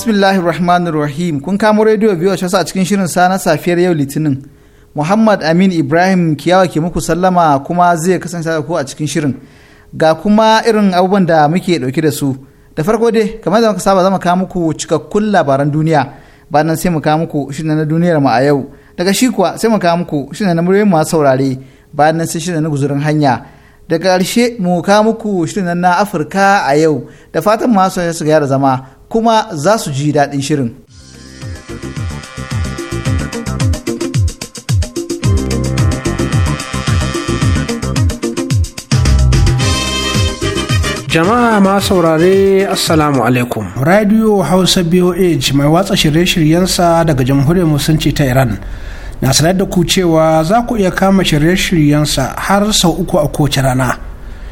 Bismillahir Rahmanir Rahim kun kamo rediyo biyu a cikin shirin sa na safiyar yau Litinin. Muhammad Amin Ibrahim Kiyawa ke muku sallama kuma zai kasance da ku a cikin shirin. Ga kuma irin abubuwan da muke dauke da su. Da farko dai kamar da muka saba zama kawo muku cikakkun labaran duniya. Bayan sai mu kawo muku shirin na duniyar mu a yau. Daga shi kuwa sai mu kawo muku shirin na muryoyin masu saurare. Bayan nan sai shirin na guzurin hanya. Daga ƙarshe mu kawo muku shirin na Afirka a yau. Da fatan masu su gaya yara zama kuma za su ji daɗin shirin. Jama'a ma saurare Assalamu alaikum. Radio Hausa BOH mai watsa shirye-shiryensa daga Jamhuriyar Musulunci ta Iran. Na sanar da ku cewa za ku iya kama shirye-shiryensa har sau uku a kowace rana.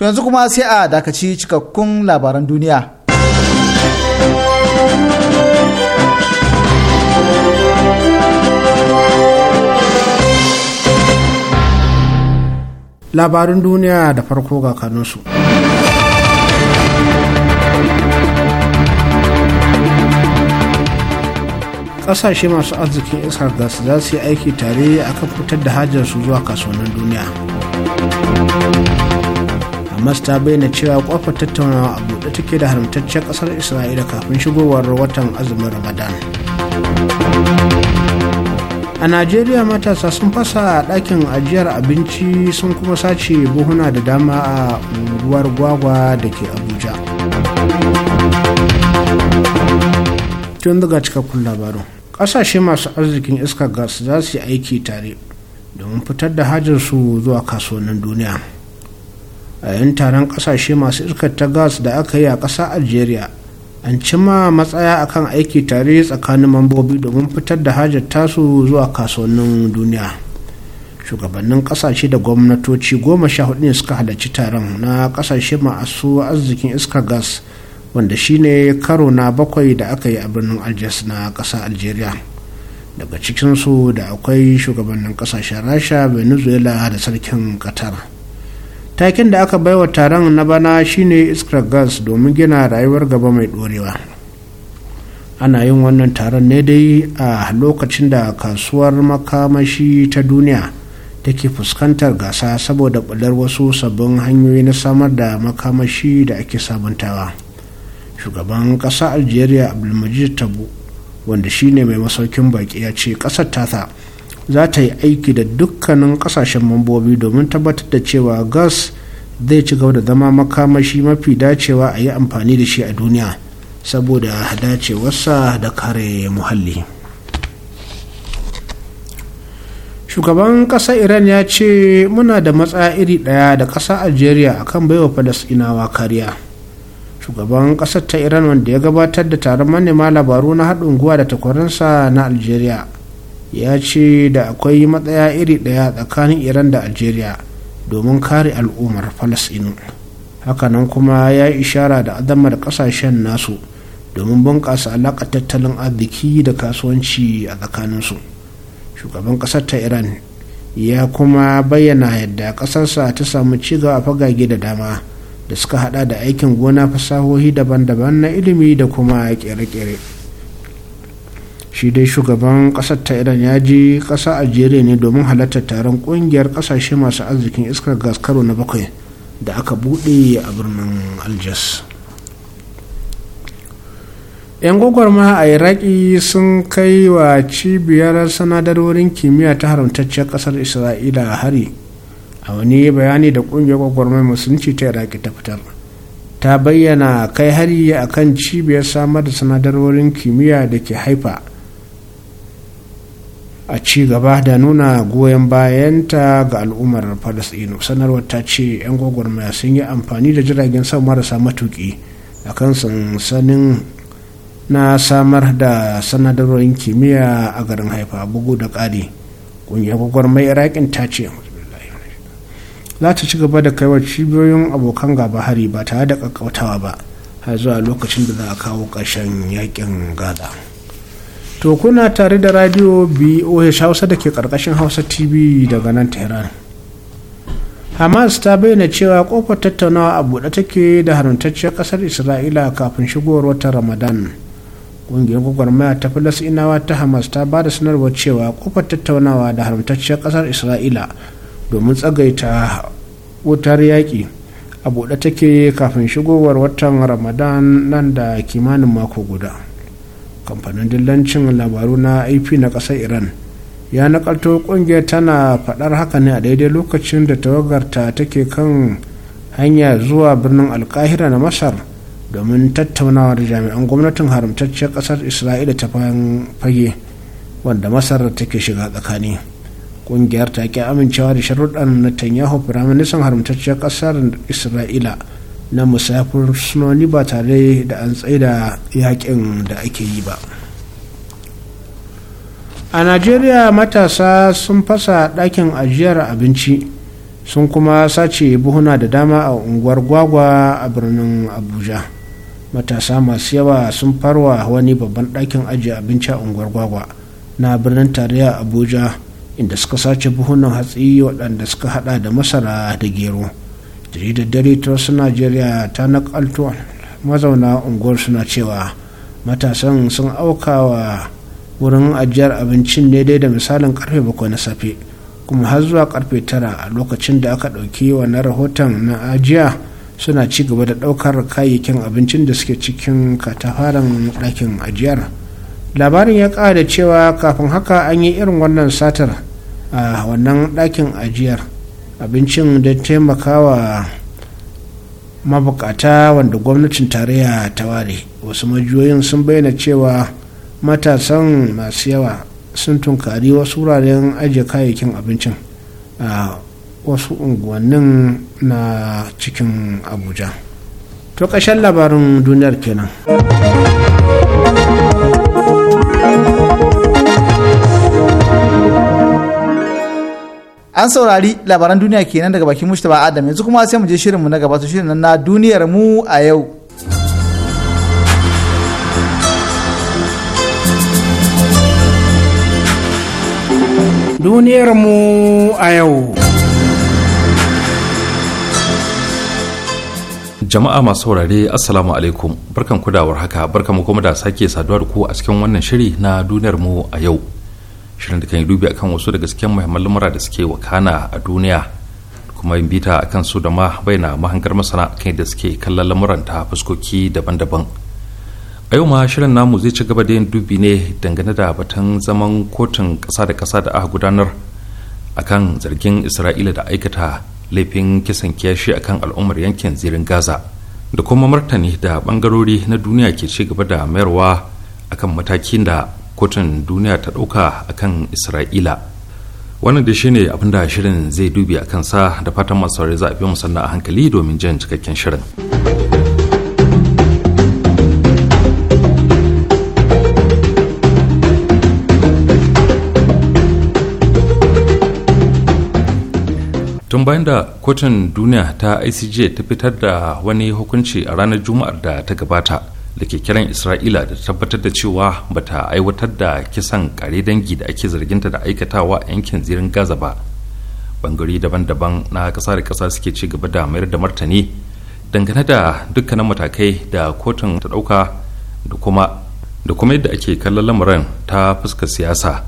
To yanzu kuma sai a dakaci cikakkun labaran duniya. Labarin duniya da farko ga kanunsu. kasashe masu arzikin iskar gas za su yi aiki tare a kan fitar da hajjarsu zuwa kasuwannin duniya hamas ta bayyana cewa kwafa tattaunawa a buɗe take da haramtaccen ƙasar isra'ila kafin shigowar watan azumin ramadan a najeriya matasa sun fasa ɗakin ajiyar abinci sun kuma sace buhuna da dama a unguwar gwagwa da ke abuja tun daga cikakkun labarin ƙasashe masu arzikin iska gas za su yi aiki tare domin fitar da hajjarsu zuwa kasuwannin duniya a yan taron kasashe masu iskar ta gas da aka yi a ƙasa algeria an cima matsaya akan aiki tare tsakanin mambobi domin fitar da hajar tasu zuwa kasuwannin duniya shugabannin kasashe da gwamnatoci goma sha hudu ne suka halarci taron na kasashe masu arzikin iskar gas wanda shine karo na bakwai da aka yi a birnin algiers na ƙasa algeria daga cikinsu da akwai shugabannin kasashen rasha venezuela da sarkin qatar takin da aka baiwa taron na bana shine iskar gas domin gina rayuwar gaba mai dorewa ana yin wannan taron ne dai a lokacin da kasuwar makamashi ta duniya take fuskantar gasa saboda bular wasu sabbin hanyoyi na samar da makamashi da ake sabuntawa shugaban ƙasa algeria abdulmajid tabu wanda shine mai masaukin baki ya ce ƙasar tasa za ta yi aiki da dukkanin kasashen mambobi domin tabbatar da cewa gas zai ci gaba da zama makamashi mafi dacewa a yi amfani da shi a duniya saboda dacewarsa da kare muhalli shugaban ƙasa iran ya ce muna da matsa iri ɗaya da ƙasa algeria akan baiwa falasɗinawa kariya shugaban ƙasar ta iran wanda ya gabatar da taron manema labaru na haɗin guwa da takwarinsa na algeria ya ce da akwai matsaya iri ɗaya tsakanin iran da algeria domin kare al'ummar falasinu hakanan kuma ya yi ishara da azamar kasashen nasu domin bunƙasa alaƙa tattalin arziki da kasuwanci a tsakaninsu shugaban ƙasar ta iran ya kuma bayyana yadda ƙasarsa ta samu cigaba a fagage da dama da suka hada da aikin gona fasahohi daban-daban na ilimi da kuma kere-kere. shi dai shugaban kasar ta iran ya ji kasa algeria ne domin halartar taron kungiyar kasashe masu arzikin iskar gas karo na bakwai da aka bude a birnin aljas yan gwagwarma a iraki sun kai wa cibiyar sanadarorin kimiyya ta haramtacciyar kasar isra'ila hari a wani bayani da kungiyar gwagwarmar musulunci ta iraki ta fitar ta bayyana kai hari a kan cibiyar samar da sanadarorin kimiyya da ke haifa a ci gaba da nuna goyon bayanta ga al'ummar falasɗinu sanarwar ta ce 'yan gwagwarmaya sun yi amfani da jiragen sama marasa matuƙi a kan sansanin na samar da sanadarwar kimiyya a garin haifa bugu da ƙari ƙungiyar gwagwarmaya iraƙin ta ce za ta ci gaba da kaiwa cibiyoyin abokan gaba hari ba tare da ƙaƙƙautawa ba har zuwa lokacin da za a kawo ƙarshen yaƙin gaza. to kuna tare da radio boh hausa da ke karkashin hausa tv daga nan tehran hamas ta bayyana cewa kofar tattaunawa a buɗe take da haramtacciyar ƙasar isra'ila kafin shigowar watan ramadan ƙungiyar gwagwarmaya ta inawa ta hamas ta ba da sanarwar cewa kofar tattaunawa da haramtacciyar ƙasar isra'ila domin tsagaita wutar yaƙi a buɗe take kafin shigowar watan ramadan nan da kimanin mako guda kamfanin dillancin labaru na ip na ƙasar iran ya nakalto kungiyar tana faɗar haka ne a daidai lokacin da tawagarta take kan hanya zuwa birnin alkahira na masar domin tattaunawa da jami'an gwamnatin haramtacciyar ƙasar isra'ila ta fage wanda masar take shiga tsakani kungiyar ta ki amincewa da sharuɗan tanyahu firaministan haramtacciyar ƙasar isra'ila na musafir sunoni ba tare da an tsaida yakin da ake yi ba a najeriya matasa sun fasa ɗakin ajiyar abinci sun kuma sace buhuna da dama a unguwar gwagwa a birnin abuja matasa masu yawa sun farwa wani babban ɗakin ajiye abinci a unguwar gwagwa na birnin tarayya abuja inda suka sace buhunan hatsi waɗanda suka hada da masara da gero da dare ta wasu najeriya ta nakalto mazauna unguwar suna cewa matasan sun aukawa wurin ajiyar abincin dai da misalin karfe bakwai na safe kuma har zuwa karfe tara a lokacin da aka ɗauki wannan rahoton na ajiya suna ci gaba da ɗaukar kayayyakin abincin da suke cikin katafaren ɗakin ajiyar labarin ya ƙara cewa kafin haka an yi irin wannan satar a wannan ɗakin ajiyar abincin da taimakawa mabukata wanda gwamnatin tarayya ta ware wasu majiyoyin sun bayyana cewa matasan masu yawa sun tunkari wasu wuraren ajiye kayayyakin abincin a wasu unguwannin na cikin abuja to ƙashen labarin duniyar kenan. an saurari labaran duniya kenan daga bakin mustapha adam yanzu kuma sai mu je shirinmu na gaba to shirin na duniyar mu a yau duniyar mu a yau jama'a masu saurare assalamu alaikum barkan kudawar haka barkan mu kuma da sake saduwa da ku a cikin wannan shiri na duniyar mu a yau shirin da kan yi dubi akan wasu daga cikin muhimman lamura da suke wakana a duniya kuma yin bita akan su da ma na mahangar masana kan da suke kallon lamuran ta fuskoki daban-daban a yau ma shirin namu zai ci gaba da yin dubi ne dangane da batun zaman kotun kasa da ƙasa da aka gudanar akan zargin isra'ila da aikata laifin kisan kiyashi akan al'ummar yankin zirin gaza da kuma martani da bangarori na duniya ke ci gaba da mayarwa akan matakin da kotun duniya ta ɗauka a kan isra'ila wannan da shine abin da shirin zai dubi a kansa da fatan masu za a fi musanna a hankali domin jan cikakken shirin tun bayan da kotun duniya ta icj ta fitar da wani hukunci a ranar juma'ar da ta gabata da ke kiran isra'ila da tabbatar da cewa bata aiwatar da kisan kare dangi da ake zarginta da aikatawa a yankin zirin gaza ba bangare daban-daban na kasa da kasa suke ci gaba da mayar da martani dangane da dukkanin matakai da kotun ta dauka da kuma da kuma yadda ake kallon lamarin ta fuska siyasa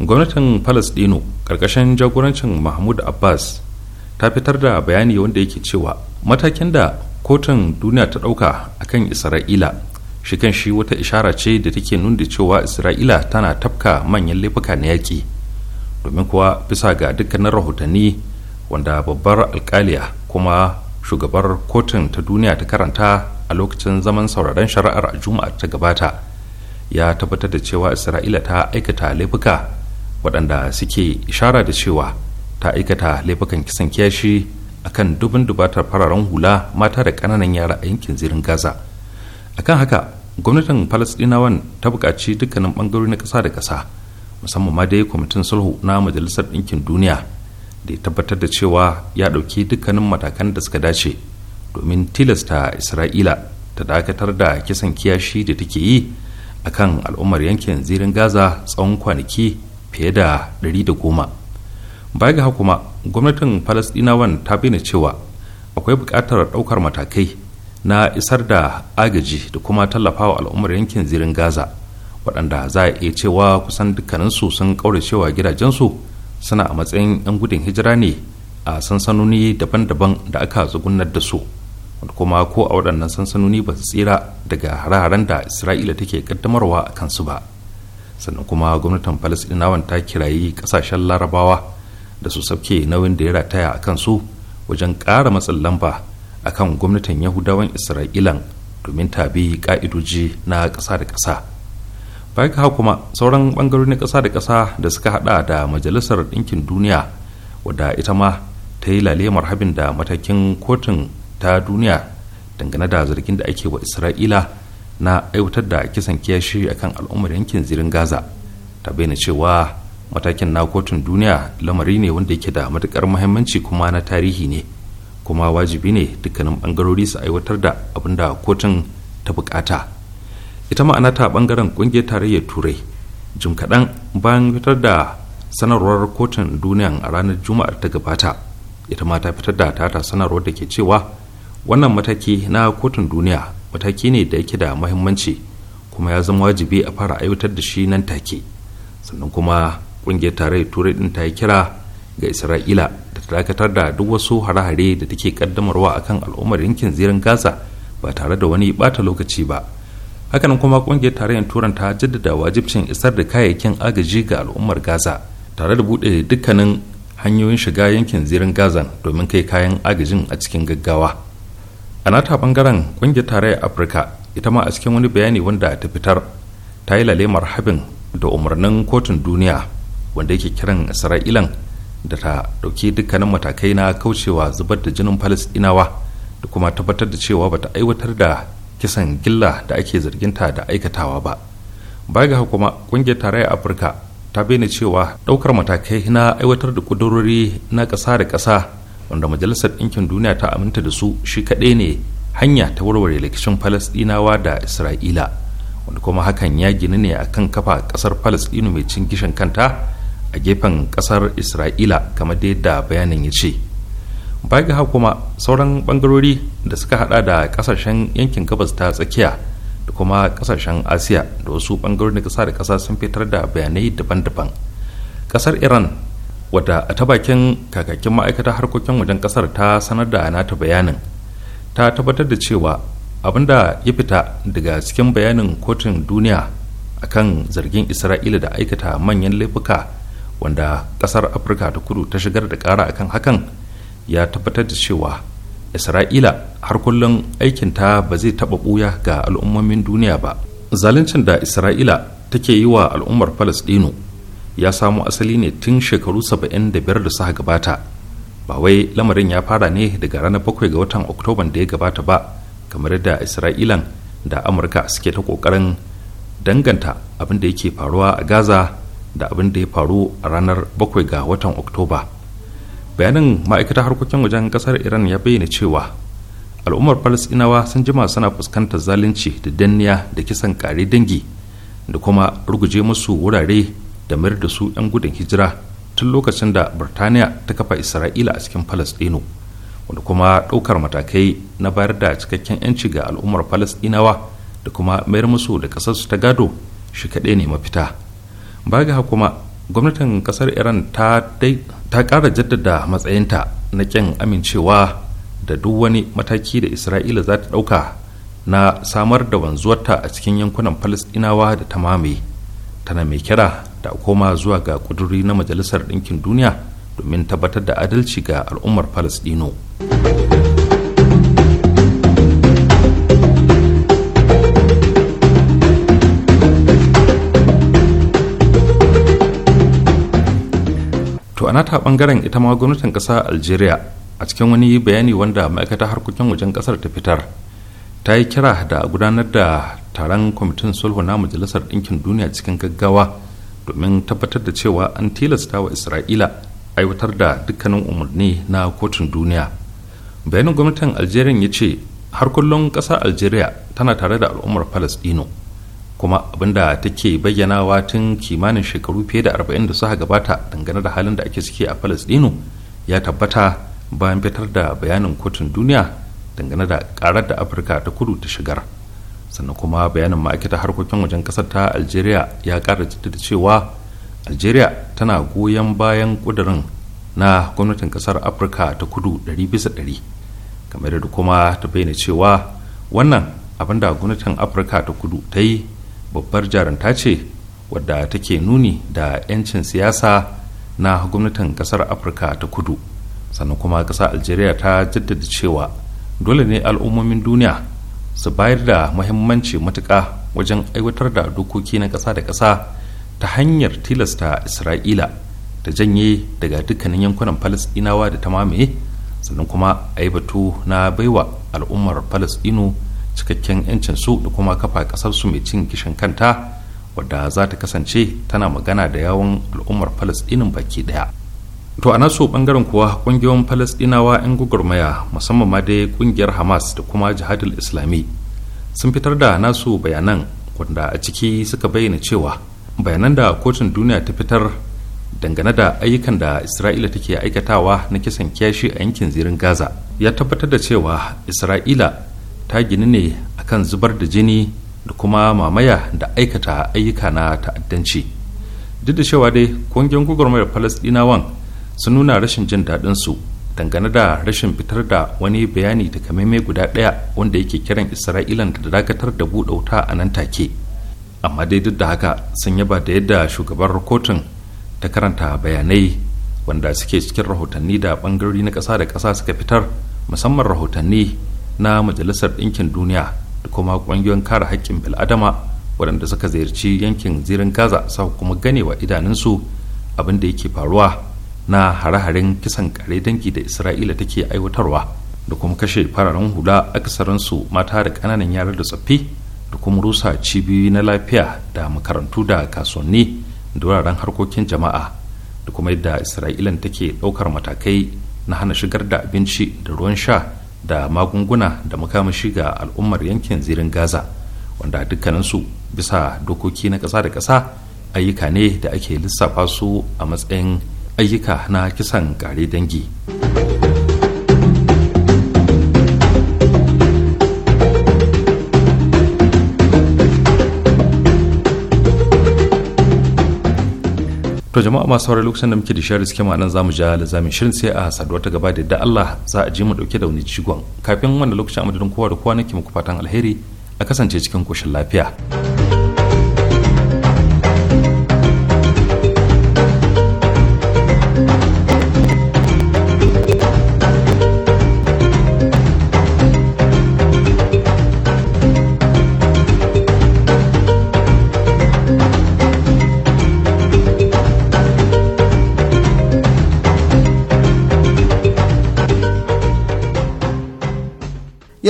gwamnatin palestino karkashin jagorancin mahmud abbas ta fitar da bayani wanda yake cewa matakin da kotun duniya ta ɗauka akan isra'ila shi kan shi wata ishara ce da take nuna da cewa isra'ila tana tafka manyan laifuka na yaki, domin kuwa bisa ga dukkanin rahotanni wanda babbar alkaliya kuma shugabar kotun ta duniya ta karanta a lokacin zaman sauraron shari'ar a juma'a ta gabata ya tabbatar da cewa isra'ila ta aikata laifuka waɗanda suke ishara da cewa ta aikata laifukan kisan kiyashi akan dubin dubatar fararen hula mata da ƙananan yara a yankin zirin gaza akan haka gwamnatin palestinawan ta buƙaci dukkanin ɓangarori na ƙasa da ƙasa musamman ma dai kwamitin sulhu na majalisar ɗinkin duniya da ya tabbatar da cewa ya ɗauki dukkanin matakan da suka dace domin tilasta isra'ila ta dakatar da kisan kiyashi da take yi akan al'ummar yankin zirin gaza tsawon kwanaki fiye da 110 baya ga kuma gwamnatin falasdinawan ta bayyana cewa akwai buƙatar ɗaukar matakai na isar da agaji da kuma tallafa tallafawa al'ummar yankin zirin gaza waɗanda za a iya cewa kusan dukkaninsu sun ƙauracewa gidajensu suna a matsayin 'yan gudun hijira ne a sansanoni daban-daban da aka tsugunar da su wanda kuma ko a waɗannan sansanoni ba su tsira daga hare-haren da isra'ila take kaddamarwa a kansu ba sannan kuma gwamnatin falasɗinawan ta kirayi ƙasashen larabawa da su sauke nauyin da ya rataya a kansu wajen ƙara matsin lamba a kan gwamnatin yahudawan isra'ilan domin ta bi ƙa'idoji na ƙasa da ƙasa bayan ka kuma sauran ɓangarorin ƙasa da ƙasa da suka haɗa da majalisar ɗinkin duniya wadda ita ma ta yi lalemar habin da matakin kotun ta duniya dangane da zargin da ake wa isra'ila na aiwatar da kisan kiyashi akan al'ummar yankin zirin gaza ta bayyana cewa matakin na kotun duniya lamari ne wanda yake da matukar muhimmanci kuma na tarihi ne kuma wajibi ne dukkanin bangarori su aiwatar da abin da kotun ta bukata ita ma'ana ta bangaren kungiyar tarayyar turai jim kaɗan bayan fitar da sanarwar kotun duniya a ranar juma'ar ta gabata ita ma ta fitar da tata sanarwar da ke cewa wannan mataki na kotun duniya mataki ne da yake da muhimmanci kuma ya zama wajibi a fara aiwatar da shi nan take sannan kuma ƙungiyar tarayyar turai din ta yi kira ga isra'ila da ta dakatar da duk wasu hare-hare da take kaddamarwa kan al'ummar yankin zirin gaza ba tare da wani bata lokaci ba hakan kuma ƙungiyar tarayyar turan ta jaddada wajibcin isar da kayayyakin agaji ga al'ummar gaza tare da buɗe dukkanin hanyoyin shiga yankin zirin gaza domin kai kayan agajin a cikin gaggawa a nata bangaren ƙungiyar tarayyar afirka ita ma a cikin wani bayani wanda ta fitar ta yi lalemar habin da umarnin kotun duniya wanda yake kiran isra'ilan da ta dauki dukkanin matakai na kaucewa zubar da jinin palestinawa da kuma tabbatar da cewa bata aiwatar da kisan gilla da ake zargin ta da aikatawa ba baya ga kuma ƙungiyar tarayyar afirka ta bayyana cewa ɗaukar matakai na aiwatar da ƙudurori na ƙasa da ƙasa wanda majalisar ɗinkin duniya ta aminta da su shi kaɗai ne hanya ta warware rikicin falasɗinawa da isra'ila wanda kuma hakan ya gini ne akan kafa ƙasar falasɗinu mai cin gishin kanta a gefen kasar isra'ila kamar da bayanin ya ce baya ga kuma sauran bangarori da suka hada da kasashen yankin gabas ta tsakiya da kuma kasashen asiya da wasu bangarorin kasa da kasa sun fitar da bayanai daban-daban kasar iran wadda a ta bakin kakakin ma'aikata harkokin wajen kasar ta sanar da nata bayanin ta tabbatar da cewa abinda ya fita daga cikin bayanin kotun duniya akan zargin isra'ila da aikata manyan laifuka wanda kasar afirka ta kudu ta shigar da kara akan hakan ya tabbatar da cewa isra'ila har kullum aikinta ba zai taɓa ɓuya ga al'ummomin duniya ba zaluncin da isra'ila take yi wa al'ummar falastinu ya samo asali ne tun shekaru 75 da suka gabata ba wai lamarin ya fara ne daga ranar bakwai ga watan oktoban da ya gabata ba kamar da isra'ilan da amurka suke ta kokarin danganta abin da yake faruwa a gaza da abin da ya faru a ranar 7 ga watan oktoba bayanin ma'aikata harkokin wajen kasar iran ya bayyana cewa al'ummar palestinawa sun jima suna fuskantar zalunci da danniya da kisan kare dangi da kuma ruguje musu wurare da mayar da su 'yan gudun hijira tun lokacin da birtaniya ta kafa isra'ila a cikin palestino wanda kuma ɗaukar matakai na bayar da cikakken 'yanci ga al'ummar palestinawa da kuma mayar musu da ƙasarsu ta gado shi kaɗai ne mafita ba ga kuma gwamnatin kasar iran ta kara jaddada matsayinta na kyan amincewa da duk wani mataki da isra'ila za ta ɗauka na samar da wanzuwarta a cikin yankunan palestinawa da ta mame tana mai kira da koma zuwa ga kuduri na majalisar ɗinkin duniya domin tabbatar da adalci ga al'ummar palestino to ana ta bangaren ita ma gwamnatin ƙasa algeria a cikin wani bayani wanda ma'aikatar harkokin wajen ƙasar ta fitar ta yi kira da gudanar da taron kwamitin sulhu na majalisar ɗinkin duniya cikin gaggawa domin tabbatar da cewa an tilasta wa isra'ila aiwatar da dukkanin umarni na kotun duniya bayanin gwamnatin algeria ya ce har kullum ƙasar algeria tana tare da al'ummar palestino kuma abinda take bayyanawa tun kimanin shekaru fiye da 40 da suka gabata dangane da halin da ake ciki a palestino ya tabbata bayan fitar da bayanin kotun duniya dangane da karar da afirka ta kudu ta shigar sannan kuma bayanin ma'aikatar harkokin wajen kasar ta algeria ya kara jaddada cewa algeria tana goyon bayan kudurin na gwamnatin kasar afirka ta kudu 100 bisa 100 kamar da kuma ta bayyana cewa wannan abin da gwamnatin afirka ta kudu ta yi babbar jarinta ce wadda take nuni da 'yancin siyasa na gwamnatin kasar afirka ta kudu sannan kuma kasar algeria ta jaddada cewa dole ne al'ummomin duniya su bayar da muhimmanci matuƙa wajen aiwatar da dokoki na ƙasa da ƙasa ta hanyar tilasta isra'ila ta janye daga dukkanin yankunan falasɗinawa da ta mamaye sannan kuma a yi batu na baiwa al'ummar falasɗinu cikakken 'yancin su da kuma kafa kasar su mai cin kishin kanta wadda za ta kasance tana magana da yawon al'ummar falasɗinin baki ɗaya to a nasu bangaren kuwa kungiyoyin falasɗinawa 'yan gwagwarmaya musamman ma dai kungiyar hamas da kuma jihadul islami sun fitar da nasu bayanan wanda a ciki suka bayyana cewa bayanan da kotun duniya ta fitar dangane da ayyukan da isra'ila take aikatawa na kisan kiyashi a yankin zirin gaza ya tabbatar da cewa isra'ila ta gini ne akan zubar da jini da kuma mamaya da aikata ayyuka na ta'addanci duk da cewa dai kungiyar gwagwarmayar falasdinawan sun nuna rashin jin daɗin su dangane da rashin fitar da wani bayani da kamaimai guda ɗaya wanda yake kiran isra'ilan da dakatar da buɗe wuta a nan take amma dai duk da haka sun yaba da yadda shugaban kotun ta karanta bayanai wanda suke cikin rahotanni da bangarori na ƙasa da ƙasa suka fitar musamman rahotanni na majalisar ɗinkin duniya da kuma ƙungiyoyin kare haƙƙin bil'adama waɗanda suka ziyarci yankin zirin gaza sa kuma ganewa idanunsu abin da yake faruwa na hare-haren kisan kare dangi da isra'ila take aiwatarwa da kuma kashe fararen hula akasaransu mata da ƙananan yara da tsaffi da kuma rusa cibiyoyi na lafiya da makarantu da kasuwanni da wuraren harkokin jama'a da kuma yadda isra'ilan take ɗaukar matakai na hana shigar da abinci da ruwan sha da magunguna da makamashi ga al'ummar yankin zirin gaza wanda dukkaninsu bisa dokoki na ƙasa da ƙasa ayyuka ne da ake lissafa su a matsayin ayyuka na kisan kare dangi. to jama'a masu saurari lokacin da muke da shirin suke nan zamu ja lazamin shirin sai a saduwa ta gaba da yadda Allah za a ji mu dauke da wani cigon kafin wannan lokacin a madadin kowa da kowa nake muku fatan alheri a kasance cikin koshin lafiya.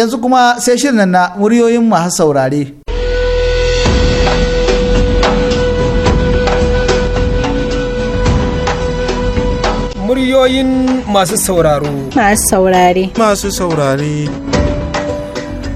yanzu kuma sai shirin na muryoyin masu saurare. Muryoyin masu sauraro. Masu saurare. Masu saurare.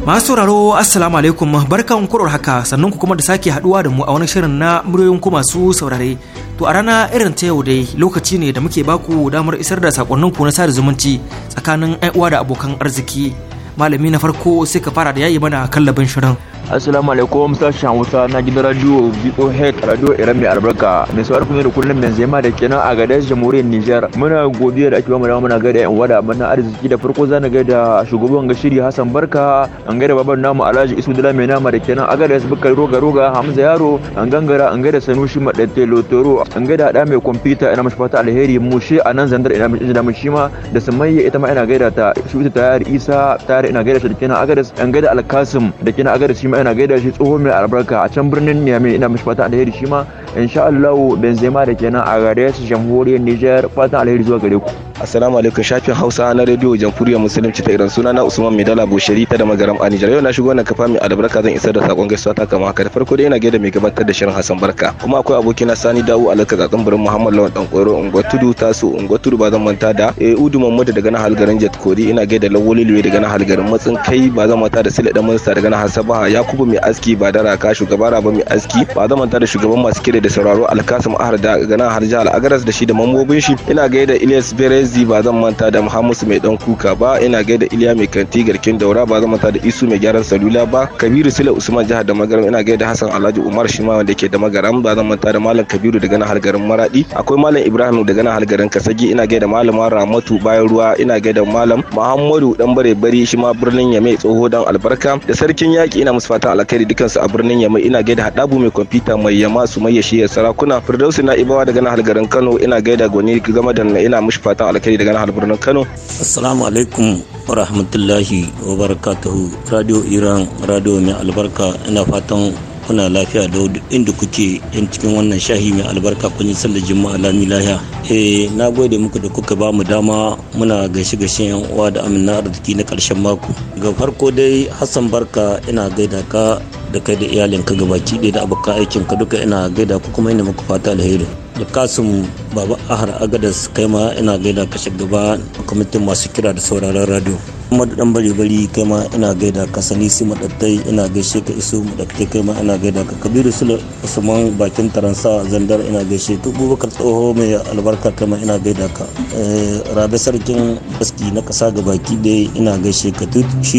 Masu sauraro Assalamu alaikum barkan kurar haka sannan ku kuma da sake haduwa da mu a wani shirin na muryoyin ku masu saurare. To a rana irin ta yau dai lokaci ne da muke baku damar isar da sakonninku na sada zumunci tsakanin uwa da abokan arziki. malami na farko sai ka fara da yayi mana kallabin shirin assalamu alaikum sashen hausa na gidan radio boh radio iran mai albarka mai sauwar kuma da kullum benzema da kenan a gadar jamhuriyar nijar muna godiya da ake bamu dama muna gaida yan wada mana arziki da farko ga gaida shugaban gashiri hassan barka an gaida baban namu alhaji isu dala mai nama da kenan a gaida bukar roga roga hamza yaro an gangara an gaida sanushi madatte lotoro an gaida hada mai kwamfuta ina mashi fata alheri mushe a nan zandar ina mashi da shi ma da samayya ita ma ina gaida ta shi ta tayar isa tayar ina gaida shi da kenan agadas an gaida alkasim da kenan agadas shi ma ina gaida shi tsoho mai albarka a can birnin niamey ina mishi fatan alheri shi ma insha Allah benzema da kenan a gare shi jamhuriyar Niger fatan alheri zuwa gare ku Assalamu alaikum shafin Hausa na Radio Jamhuriyar Musulunci ta Iran sunana Usman Midala Bushari ta da magaram a Nijar. Yau na shigo wannan kafa mai albarka zan isar da sakon gaisuwa ta kama haka. Da farko dai ina gaida mai gabatar da shirin Hassan Barka. Kuma akwai abokina Sani Dawu Alaka Tsatsin burin Muhammad Lawan Dan koro unguwar Tudu su Unguwar Tudu ba zan manta da eh Udu Mamadu daga nan halgarin Jet Kori ina gaida Lawoli Luwe daga nan halgarin Matsin Kai ba zan manta da Sule Dan Minista daga nan Baha Yakubu mai aski ba da raka shugaba Raba mai aski ba zan manta da shugaban masu kire da sauraro Alkasim Ahar daga nan Harjal Agaras da shi da mambobin shi ina gaida Ilyas Berez Tirmizi ba zan manta da Muhammadu mai dan kuka ba ina gaida Iliya mai kanti garkin daura ba zan manta da Isu mai gyaran salula ba Kabiru Sule Usman jihar da Magaram ina gaida Hassan Alhaji Umar shi ma wanda ke da Magaram ba zan manta da Malam Kabiru daga nan garin Maradi akwai Malam Ibrahim daga nan garin Kasagi ina gaida Malama Ramatu bayan ruwa ina gaida Malam Muhammadu dan bare bari shi ma birnin Yame tsoho dan albarka da sarkin yaki ina musu fata alkhairi su a birnin Yame ina gaida Hadabu mai kwamfuta mai Yama su mai sarakuna Firdausi na Ibawa daga nan garin Kano ina gaida Goni game da ina mushi fatan kai daga birnin Kano. Assalamu alaikum wa rahmatullahi wa barakatuhu. Radio Iran, radio mai albarka ina fatan kuna lafiya da inda kuke yan cikin wannan shahi mai albarka kun yi sallar juma'a lami lahiya eh na gode muku da kuka bamu dama muna gaishe gaishe yan uwa da amina arziki na karshen mako ga farko dai hassan barka ina gaida ka da kai da iyalinka gabaki ɗaya da abokan aikin ka duka ina gaida ku kuma ina muku fata alheri da kasum baba ahar agadas ma ina gaida ka shugaba kwamitin masu kira da sauraron radio kuma da dan bari bari kai ma ina gaida ka sanisi madattai ina gaishe ka isu madattai kai ma ina gaida ka kabiru sule usman bakin taransa zandar ina gaishe ka bubakar tsoho mai albarka kai ma ina gaida ka eh, rabe sarkin baski na kasa gabaki dai ina gaishe ka shi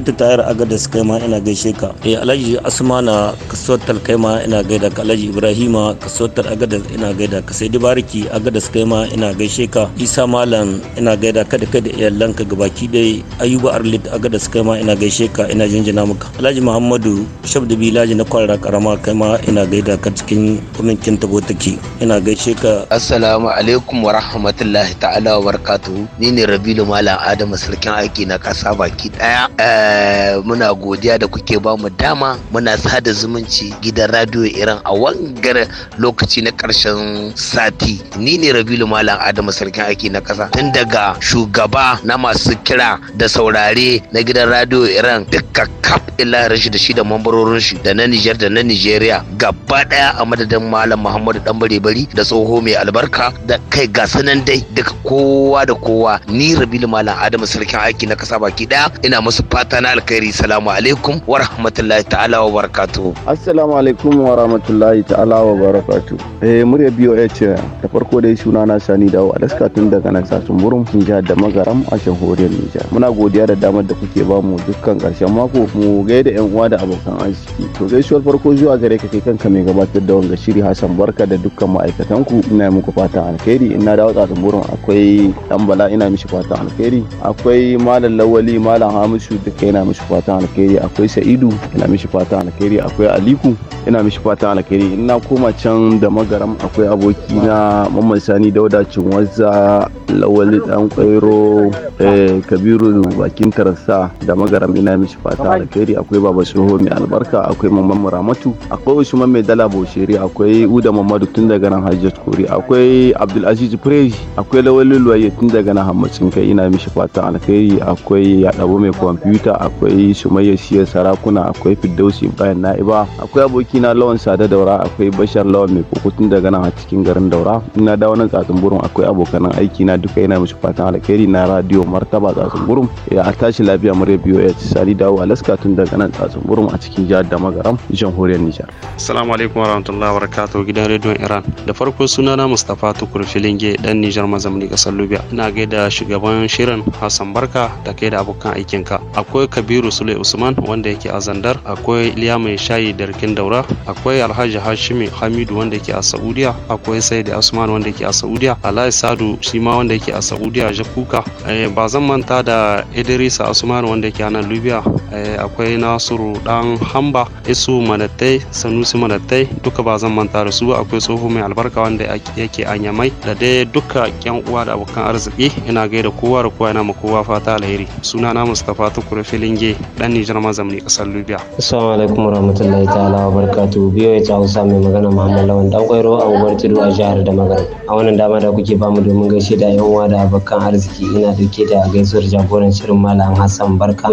ita tayar agadas ma ina gaishe ka eh, alhaji asmana kasuwar talkaima ina gaida ka alhaji ibrahima kasuwar agadas ina gaida ka sai dubari aiki a ma ina gaishe ka isa malam ina gaida ka da kai da iyalanka gabaki dai ayuba arlit a gada kai ma ina gaishe ka ina jinjina muka alhaji muhammadu shabda bilaji na kwarara karama kai ma ina gaida ka cikin kuminkin tabo take ina gaishe ka assalamu alaikum wa rahmatullahi ta'ala wa barakatuhu ni ne rabilu malam adamu sarkin aiki na kasa baki daya eh, muna godiya da kuke ba mu dama muna sada zumunci gidan radio irin a wangar lokaci na karshen sati aiki ni ne rabilu malam adamu sarkin aiki na kasa tun daga shugaba na masu kira da saurare na gidan radio iran duka kaf ila rashi da shi da mambarorin shi da na nijar da na nigeria gaba daya a madadin malam muhammadu dan bari bari da tsoho mai albarka da kai ga sanan dai duka kowa da kowa ni rabilu malam adamu sarkin aiki na kasa baki daya ina musu fata na alkhairi salamu alaikum wa rahmatullahi ta'ala wa barakatuhu assalamu alaikum wa rahmatullahi ta'ala wa barakatuhu eh murya biyo ya ce da farko dai suna na sani dawo a daska tun daga nan sasun burin jihar da magaram a shahoriyar nijar muna godiya da damar da kuke ba mu dukkan karshen mako mu gaida yan uwa da abokan arziki to gaisuwar farko zuwa gare ka kai kanka mai gabatar da wanga shiri hassan barka da dukkan ma'aikatan ku ina muku fata alkhairi ina dawo sasun burin akwai dan bala ina mishi fata alkhairi akwai malam lawali malam hamisu duka ina mishi fata alkhairi akwai sa'idu ina mishi fata alkhairi akwai aliku ina mishi fata alkhairi ina koma can da magaram akwai aboki mamman sani dauda wazza lawali dan kwairo eh, kabiru bakin tarasa da magaram ina mishi fata alkhairi akwai baba soho mai albarka akwai mamman muramatu akwai usman mai dala bosheri akwai uda mamadu tun daga nan hajjat kori akwai abdulaziz preji akwai lawali luwaye tun daga nan hammacin kai ina mishi fata alkhairi akwai yadabo mai kwamfuta akwai sumayya siyar sarakuna akwai firdausi Bayan, na'iba akwai abokina lawan sada daura akwai bashar lawan mai kokotun daga nan a cikin garin daura na dawo nan tsatsun burin akwai abokan aiki na duka yana mishi fatan alheri na radio martaba tsatsun burin a tashi lafiya murya biyu ya ci sani dawo laska tun daga nan tsatsun burin a cikin jihar da magaram jamhuriyar nijar. assalamu alaikum warahmatullahi wabarakatuh gidan rediyon iran da farko sunana mustapha tukur filinge dan nijar mazamni kasar libya ina gaida shugaban shirin hassan barka da kai da abokan aikinka akwai kabiru sule usman wanda yake a zandar akwai iliya mai shayi da rikin daura akwai alhaji hashimi hamidu wanda yake a saudiya akwai sai da usman wanda yake a saudiya alhaji sadu shi ma wanda yake a saudiya jakuka eh, ba zan manta da idrisa usman wanda yake a nan libya eh, akwai nasiru dan hamba isu Manatai sanusi madattai duka ba zan manta da su akwai Sofu mai albarka wanda yake a nyamai da dai duka yan uwa da abokan arziki ina gaida kowa da kowa yana ma kowa fata alheri suna na mustapha Tukur filinge dan nijar mazamni kasar libya assalamu alaikum warahmatullahi ta'ala wa barakatuhu biyo ya hausa mai magana muhammad lawan dan a ubar tudu a jihar da magana a wannan dama da kuke bamu domin gaishe da yan uwa da abokan arziki ina dauke da gaisuwar jagoran shirin malam hassan barka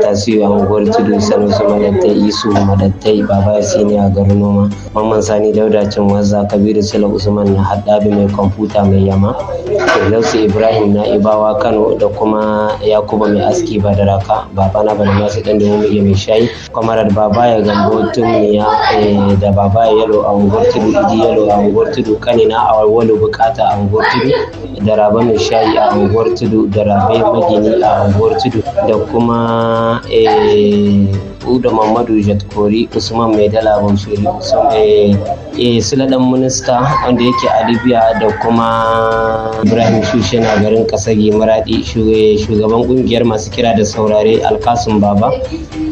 tasiri unguwar tudu sanusu madattai isu madattai baba sini a garin noma mamman sani dauda cin wazza kabiru sula usman na haddabi mai kwamfuta mai yama lausu ibrahim na ibawa kano da kuma yakuba mai aski ba da raka baba na bada masu dan da mu mai shayi kwamarar baba ya gambo tumniya eh, da baba ya yalo a unguwar tudu idi yalo a unguwar tudu kanina Na a wani bukata a unguwar tudu da raba mai shayi a unguwar tudu da rabe magini a unguwar tudu da kuma eh, Uda Mamadu Jatkori Usman Mai Dala Baushiri Usman eh, eh, dan minista wanda yake a Libya da kuma Ibrahim Shushe na garin Kasagi Maradi shugaban kungiyar masu kira da saurare Alkasun Baba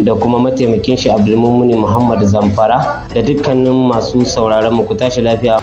da kuma mataimakin shi Abdulmumuni Muhammad Zamfara da dukkanin masu sauraron mu ku tashi lafiya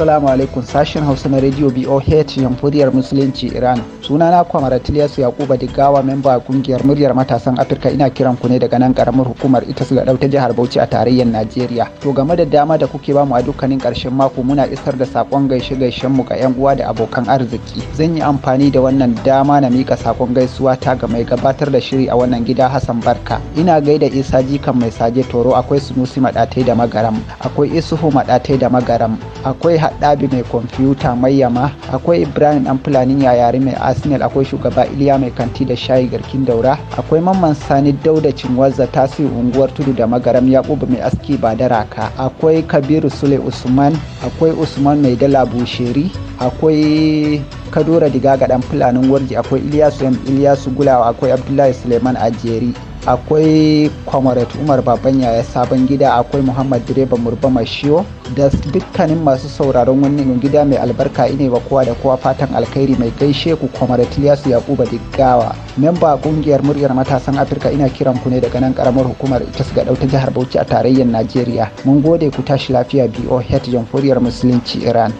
Assalamu alaikum sashen Hausa na Radio BOH Jamhuriyar Musulunci Iran. Suna na Kwamara Tiliyasu Yakuba Digawa memba kungiyar muryar matasan Afirka ina kiran ku ne daga nan karamar hukumar ita su ta jihar Bauchi a tarayyar Najeriya. To game da dama da kuke bamu a dukkanin karshen mako muna isar da sakon gaishe gaishen mu ga yan uwa da abokan arziki. Zan yi amfani da wannan dama na mika sakon gaisuwa ta ga mai gabatar da shiri a wannan gida Hassan Barka. Ina gaida Isa Jikan mai saje Toro akwai Sunusi maɗatai da Magaram, akwai Isuhu Madatai da Magaram, akwai haɗabi mai kwamfuta mai yama akwai ibrahim dan fulani yayari mai arsenal akwai shugaba iliya mai kanti da shayi garkin daura akwai mamman sani dauda cinwazza tasi unguwar tudu da magaram yakubu mai aski ba da akwai kabiru sule usman akwai usman mai dala busheri akwai kadura diga ga dan fulanin warji akwai iliyasu yam iliyasu gulawa akwai abdullahi suleiman ajeri akwai comrade umar baban yaya sabon gida akwai muhammad direba murba mashiyo da dukkanin masu sauraron wannan gida mai albarka ine ba kowa da kowa fatan alkhairi mai gaishe ku comrade liyasu yakuba diggawa memba kungiyar muryar matasan afirka ina kiran ku ne daga nan karamar hukumar su ga ta jihar bauchi a tarayyar najeriya mun gode ku tashi lafiya boh jamhuriyar musulunci iran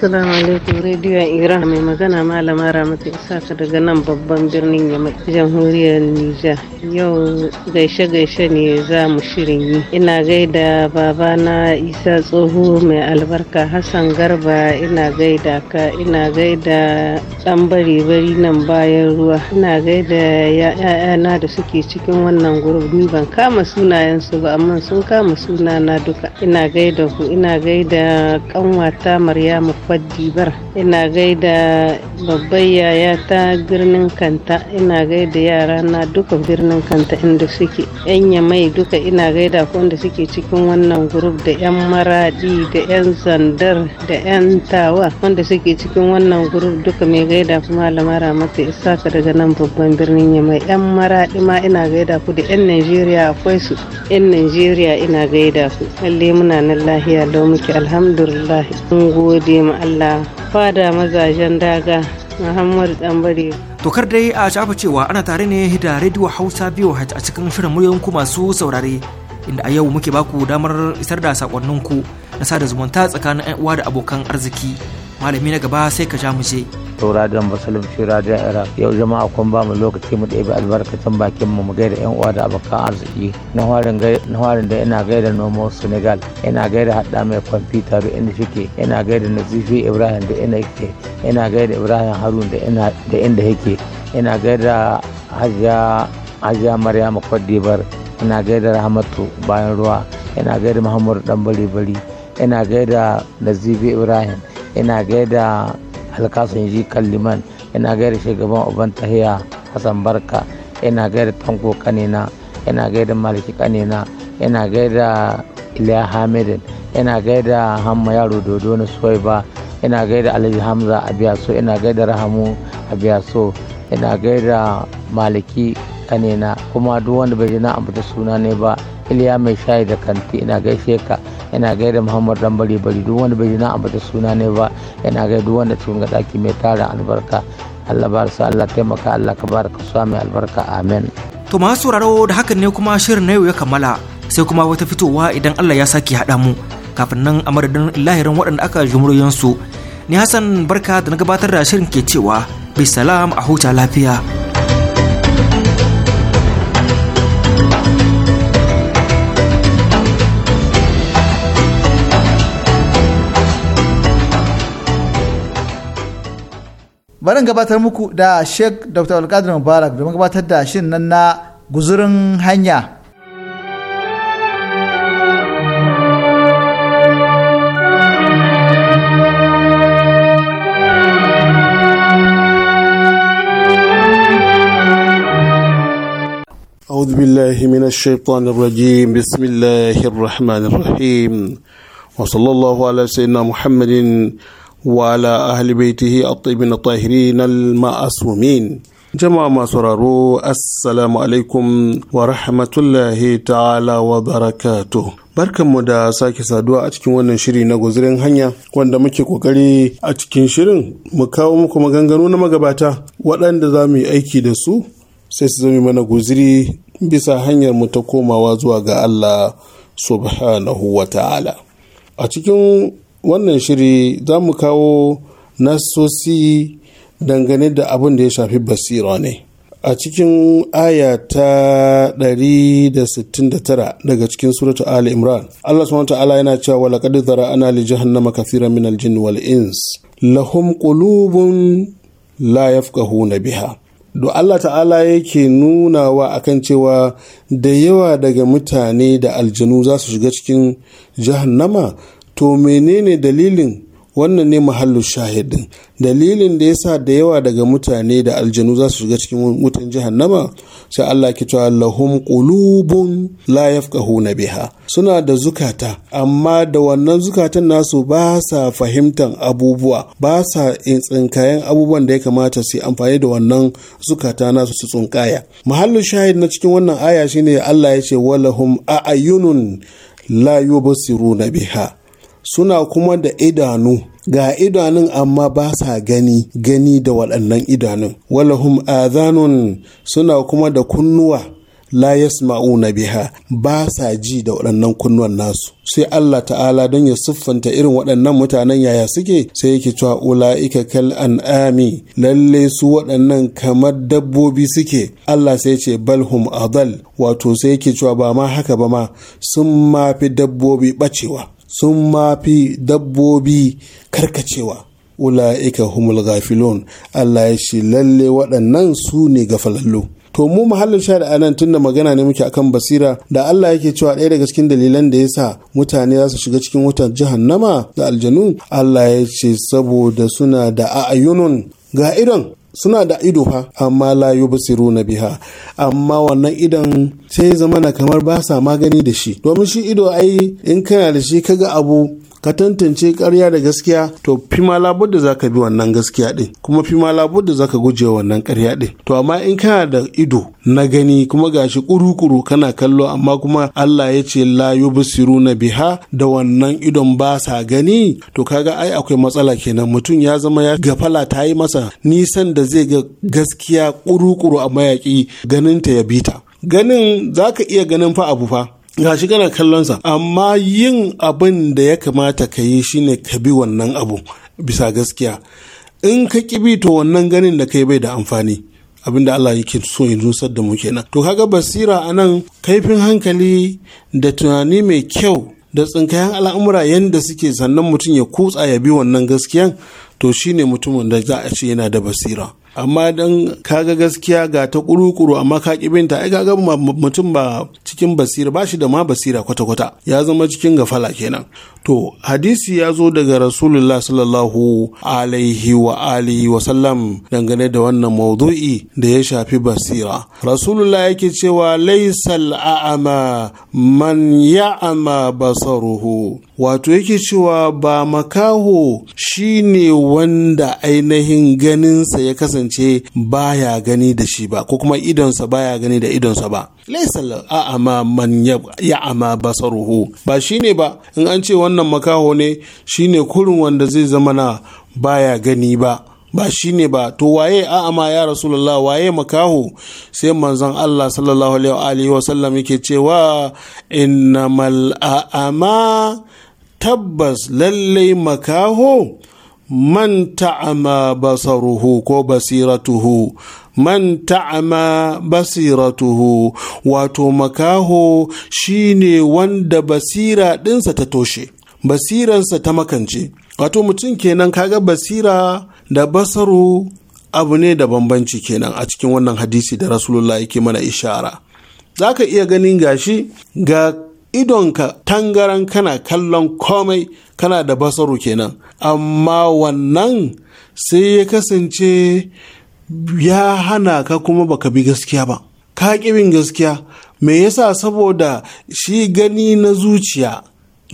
Assalamu alaikum Radio Iran mai magana Malama Ramatu Isaka daga nan babban birnin Yamai jamhuriyar Nijar. Yau gaishe gaishe ne za mu shirin yi. Ina gaida babana Isa Tsoho mai albarka Hassan Garba ina gaida ka ina gaida dan bari bari nan bayan ruwa. Ina gaida ya'yana da suke cikin wannan gurbi ni ban kama sunayen su ba amma sun kama sunana duka. Ina gaida ku ina gaida kanwata Maryamu kwadibar ina gaida babbar yaya ta birnin kanta ina gaida yara na duka birnin kanta inda suke yan yamai duka ina gaida ku inda suke cikin wannan grup da yan maradi da yan zandar da yan tawa wanda suke cikin wannan grup duka mai gaida ku malama ramata ka daga nan babban birnin yamai yan maradi ma ina gaida ku da yan najeriya akwai su yan najeriya ina gaida ku lalle muna nan lahiya lau muke alhamdulillah mun gode ma Allah fada mazajen daga Muhammadu Dambare. Tokar dai a shafa cewa ana tare ne da Radio Hausa biyu a cikin shirin muryoyin ku masu saurare inda a yau muke baku damar isar da sakonninku na sada zumunta tsakanin uwa da abokan arziki. malami na gaba sai ka ja mu je. to radiyon musulun shi radiyon iraq yau jama'a kun ba mu lokaci mu ɗebi albarkacin bakin mu mu gaida yan uwa da abokan arziki na harin da ina gaida nomo senegal ina gaida hadda mai kwamfuta da inda shike ina gaida nazifi ibrahim da ina yake ina gaida ibrahim harun da inda yake ina gaida hajiya hajiya maryama kwadibar ina gaida rahmatu bayan ruwa ina gaida muhammadu dan bari ina gaida nazifi ibrahim ina gaida alkasan ji kalliman ina gaida shugaban uban tahiya hassan barka ina gaida tanko kanina ina gaida maliki kanina ina gaida iliya hamidin ina gaida hamma yaro dodo na soyba ina gaida alhaji hamza abiyaso ina gaida rahamu a abiyaso ina gaida maliki kanina kuma duk wanda bai ji na ambata suna ne ba iliya mai shayi da kanti ina gaishe ka yana gaida muhammad dan bari bari duk wanda bai na ambata suna ne ba yana gaida duk wanda ga daki mai tara albarka allah ba su allah taimaka allah ka baraka su mai albarka amen. to masu sauraro da hakan ne kuma shirin na yau ya kammala sai kuma wata fitowa idan allah ya sake haɗa mu kafin nan a madadin lahirin waɗanda aka jumuriyansu ni hassan barka da na gabatar da shirin ke cewa bisalam a huta lafiya. bari gabatar muku da sheikh dr alkadir mubarak domin gabatar da shin nan na guzurin hanya أعوذ بالله من الشيطان الرجيم بسم الله الرحمن الرحيم وصلى الله على سيدنا محمد وعلى أهل بيته الطيبين الطاهرين المعصومين jama'a masu raro السلام عليكم wa rahmatullahi ta'ala wa barakatu barkanmu da sake saduwa a cikin wannan shiri na guzirin hanya wanda muke kokari a cikin shirin mu kawo muku maganganu na magabata waɗanda za mu yi aiki da su sai su zama mana guziri bisa hanyar mu ta komawa zuwa ga allah subhanahu wa ta'ala a cikin wannan shiri za mu kawo nasosi dangane da abin da ya shafi basira ne a cikin aya ta 169 daga cikin suratu ali imran allah subhanahu ta'ala yana cewa wa laqad zara'ana li jahannama kathiran min al-jinn wal ins lahum qulubun la yafqahuna biha do Allah ta'ala yake nuna nunawa akan cewa da yawa daga mutane da aljanu za su shiga cikin jahannama to menene dalilin wannan ne mahallin shahidin dalilin da ya sa da yawa daga mutane da aljanu za su shiga cikin wutan jahannama sai Allah ke cewa lahum qulubun la yafqahuna biha suna da zukata amma da wannan zukatan nasu ba sa fahimtan abubuwa ba sa tsinkayen abubuwan da ya kamata su amfani da wannan zukata nasu su tsinkaya mahallin shahid na cikin wannan aya shine Allah ya ce walahum a'yunun la yubsiruna biha suna kuma da idanu ga idanun amma ba sa gani gani da waɗannan idanun walahum azanun suna kuma da kunnuwa la na biha ba sa ji da waɗannan kunnuwan nasu sai Allah ta'ala don ya siffanta irin waɗannan mutanen yaya suke sai yake cewa ula'ika kal an'ami lalle su waɗannan kamar dabbobi suke Allah sai ce balhum adal wato sai yake cewa ba ma haka ba ma sun mafi dabbobi ɓacewa. sun mafi dabbobi karkacewa ula'ika humul gafilon. Allah ya ce lalle waɗannan su ne ga falallo. to mu muhallin sha da anan tunda magana ne muke akan basira da Allah yake cewa ɗaya daga cikin dalilan da ya sa mutane za su shiga cikin wutar jahannama da aljanu Allah ya ce saboda suna da a'ayunun ga idon suna da ido fa amma la basiru na biha amma wannan idan sai zama na kamar ba sa magani da shi domin shi ido ai in kana da shi kaga abu ka tantance karya da gaskiya to fi ma labudda za ka bi wannan gaskiya din kuma fi ma labudda za ka guje wannan karya din to amma in kana da ido na gani kuma gashi kuru-kuru kana kallo amma kuma Allah ya ce la yubsiru na biha da wannan idon ba sa gani to kaga ai akwai matsala kenan mutum ya zama ya gafala ta yi masa nisan da zai ga gaskiya kuru-kuru a mayaki ganin ta ya bita ganin za ka iya ganin fa abu fa Ga shi kana kallon sa amma yin abin da ya kamata ka yi shine ka bi wannan abu bisa gaskiya in ka bi to wannan ganin da kai bai da amfani abin da Allah yake so yanzu nusar da mu kenan to kaga basira anan kaifin hankali da tunani mai kyau da tsinkayen al'amura yadda suke sannan mutum ya kutsa ya bi wannan gaskiyan to shine mutumin da za a ce yana da basira amma dan kaga gaskiya ga ta kurukuru amma ka binta ai kaga mutum ba cikin basira ba shi da ma basira kwata-kwata ya zama cikin gafala kenan to hadisi ya zo daga rasulullah sallallahu alaihi wa alihi wa sallam dangane da wannan maudu'i da ya shafi basira rasulullah yake cewa laisal a'ama man ya'ama basaruhu wato yake cewa ba makaho shi ne wanda ainihin ganinsa ya kasance baya gani da shi ba ko kuma idonsa baya gani da idonsa ba laisa a'ama man ya ama basaruhu ba shi ne ba in an ce wannan makaho ne shi ne kurin wanda zai zama na baya gani ba ba shi ne ba to waye a'ama ya rasulullah waye makaho sai manzon Allah sallallahu alaihi wa sallam yake cewa innamal a'ama tabbas lallai makaho man ta'ama basaruhu ko basiratuhu man ta'ama basiratuhu wato makaho shine wanda basira ɗinsa ta toshe basiransa ta makance wato mutum kenan kaga basira da basaru abu ne da bambanci kenan a cikin wannan hadisi da rasulullah yake mana ishara za ka iya ganin gashi ga idonka tangaran kana kallon komai kana da basaru kenan amma wannan sai ya kasance ya hana ka kuma baka bi gaskiya ba ka bin gaskiya me yasa saboda shi gani na zuciya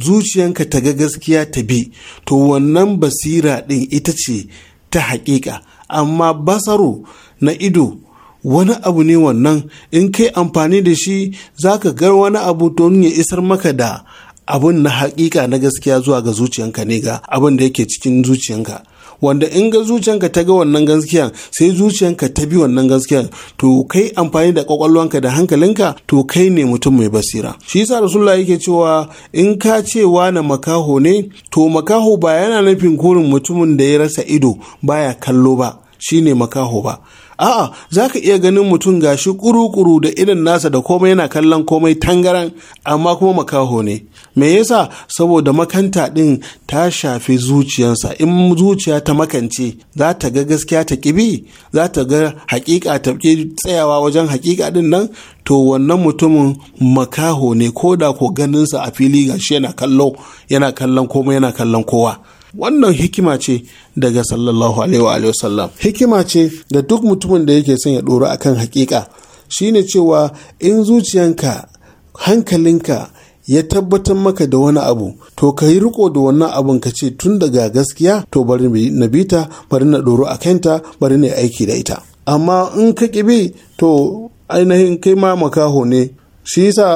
zuciyanka ta ga gaskiya ta bi to wannan basira ɗin ita ce ta haƙiƙa amma basaru na ido wani abu ne wannan in kai amfani da shi za ka gar wani abu don ya isar maka da abun na hakika na gaskiya zuwa ga zuciyanka ne ga abin da yake cikin zuciyanka wanda in ga zuciyanka ta ga wannan gaskiya sai zuciyanka ta bi wannan gaskiya to kai amfani da kwakwalwanka da hankalinka to kai ne mutum mai basira shi yasa rasulullah yake cewa in ka ce na makaho ne to makaho ba yana nufin korin mutumin da ya rasa ido baya kallo ba shine makaho ba a'a za ka iya ganin mutum gashi kuru-kuru da irin nasa da komai yana kallon komai tangaran amma kuma makaho ne me yasa saboda makanta ɗin ta shafi zuciyarsa in zuciya ta makance za ta ga gaskiya ta kibi za ta ga hakika ta tsayawa wajen hakika din nan to wannan mutumin makaho ne ko da ko ganinsa a fili gashi yana kallo yana kallon komai yana kallon kowa wannan hikima ce daga sallallahu alaihi wasallam hikima ce da duk mutumin da yake son ya ɗora akan hakika shine cewa in zuciyanka hankalinka ya tabbatar maka da wani abu to ka yi riko da wannan abun ka ce tun daga gaskiya to bari na bita bari na doro a kanta bari na aiki da ita amma in ka bi, to ainihin kai ma makaho ne shi yasa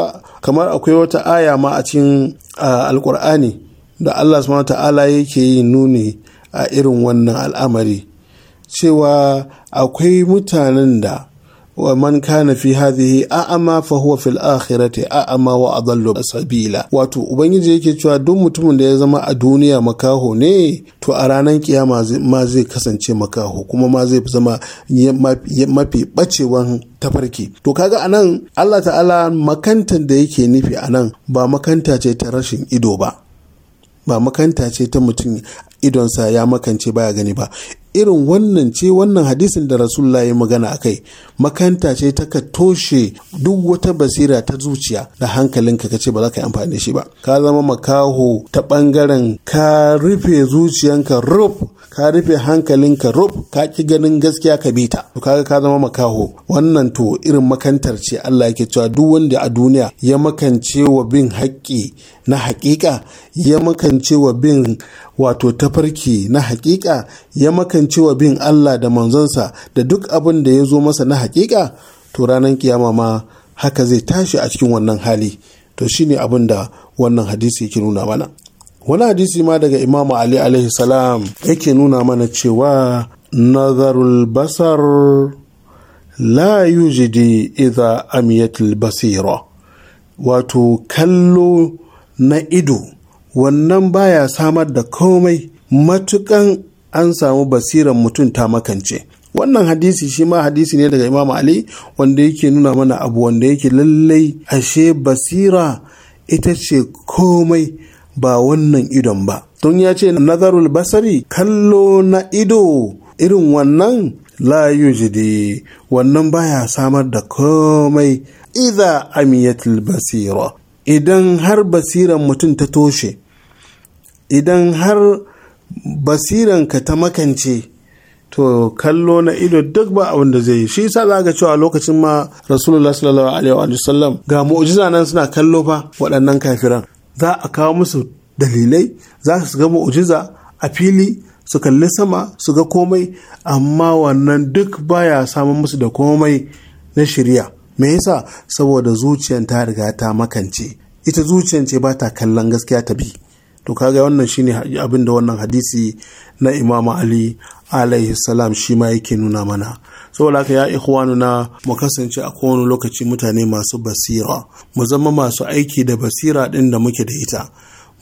kamar akwai wata aya ma a cikin ah, alkur'ani da allah subhanahu ta'ala yake yi nuni a irin wannan al'amari cewa akwai mutanen da wa man kana fi hadhihi a'ama fa huwa fil akhirati a'ama wa adallu sabila wato ubangiji yake cewa duk mutumin da ya zama a duniya makaho ne to a ranar kiyama ma zai kasance makaho kuma ma zai zama mafi bacewan tafarki to kaga anan Allah ta'ala makantar da yake nufi anan ba makanta ce ta rashin ido ba ba makanta ce ta mutum idonsa ya makance baya gani ba irin wannan ce wannan hadisin da rasulullah ya magana a kai makanta ce ta ka toshe duk wata basira ta zuciya da hankalinka ka ce ba za ka yi amfani shi ba ka zama makaho ta bangaren ka rufe zuciyanka rub ka rufe hankalinka rub ka ki ganin gaskiya ka bi ta to kaga ka zama makaho wannan to irin makantar ce Allah yake cewa duk wanda a duniya ya makance wa bin haƙƙi na haƙiƙa ya makance wa bin wato tafarki na haƙiƙa ya makance wa bin Allah da manzonsa da duk abin da ya zo masa na hakika to ranar kiyama ma haka zai tashi a cikin wannan hali to shine abin da wannan hadisi yake nuna mana wani hadisi ma daga imamu ali alaihi salam yake nuna mana cewa nazarul basar la yujidi idha amiyatul basira wato kallo na ido wannan baya samar da komai matukan an samu basiran mutum ta makance wannan hadisi shi ma hadisi ne daga imam ali wanda yake nuna mana abu wanda yake lallai ashe basira ita ce komai ba wannan idon ba Tun ya ce nazarul basari kallo na ido irin wannan la yujidi wannan baya samar da komai iza amiyatul basira idan har basiran mutum ta toshe idan har basiranka ta makance to kallo na ido duk ba abin da zai yi shi sa za ga cewa lokacin ma rasulullah sallallahu alaihi wa sallam ga mu'jiza nan suna kallo fa waɗannan kafiran za a kawo musu dalilai za su ga mu'jiza a fili su kalli sama su ga komai amma wannan duk baya samun musu da komai na shirya me yasa saboda zuciyan ta riga ta makance ita zuciyan ce ba ta kallon gaskiya ta bi to kaga wannan shine abin da wannan hadisi na imam ali alaihi salam shi ma yake nuna mana saboda haka ya nuna mu kasance a kowane lokaci mutane masu basira mu zama masu aiki da basira din da muke da ita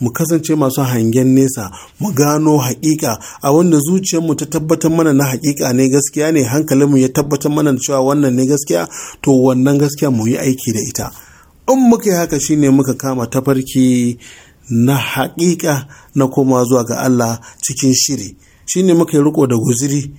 mu kasance masu hangen nesa mu gano hakika a wanda zuciyarmu ta tabbatar mana na hakika ne gaskiya ne hankalinmu ya tabbatar mana cewa wannan ne gaskiya to wannan gaskiya mu yi aiki da ita in muka yi haka shine muka kama tafarki na haƙiƙa na koma zuwa ga Allah cikin shiri shi ne muka yi riko da guziri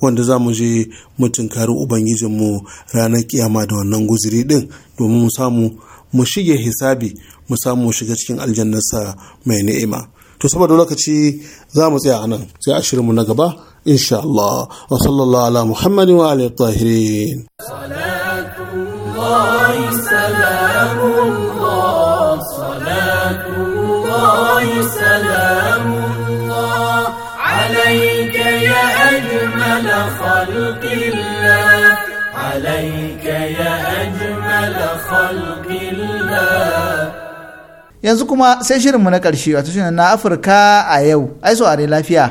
wanda za mu je mu ubangijin mu ranar kiyama da wannan guziri din domin mu samu mu shige hisabi mu samu shiga cikin aljannarsa mai ni'ima to saboda lokaci za mu tsaya anan sai a shirinmu na gaba insha Allah wa sallallahu ala muhammadin wa alihi tahirin الله سلام الله عليك يا أجمل خلق الله عليك يا أجمل خلق الله yanzu kuma sai shirinmu na ƙarshe wato shirin na afirka a yau ai saurari lafiya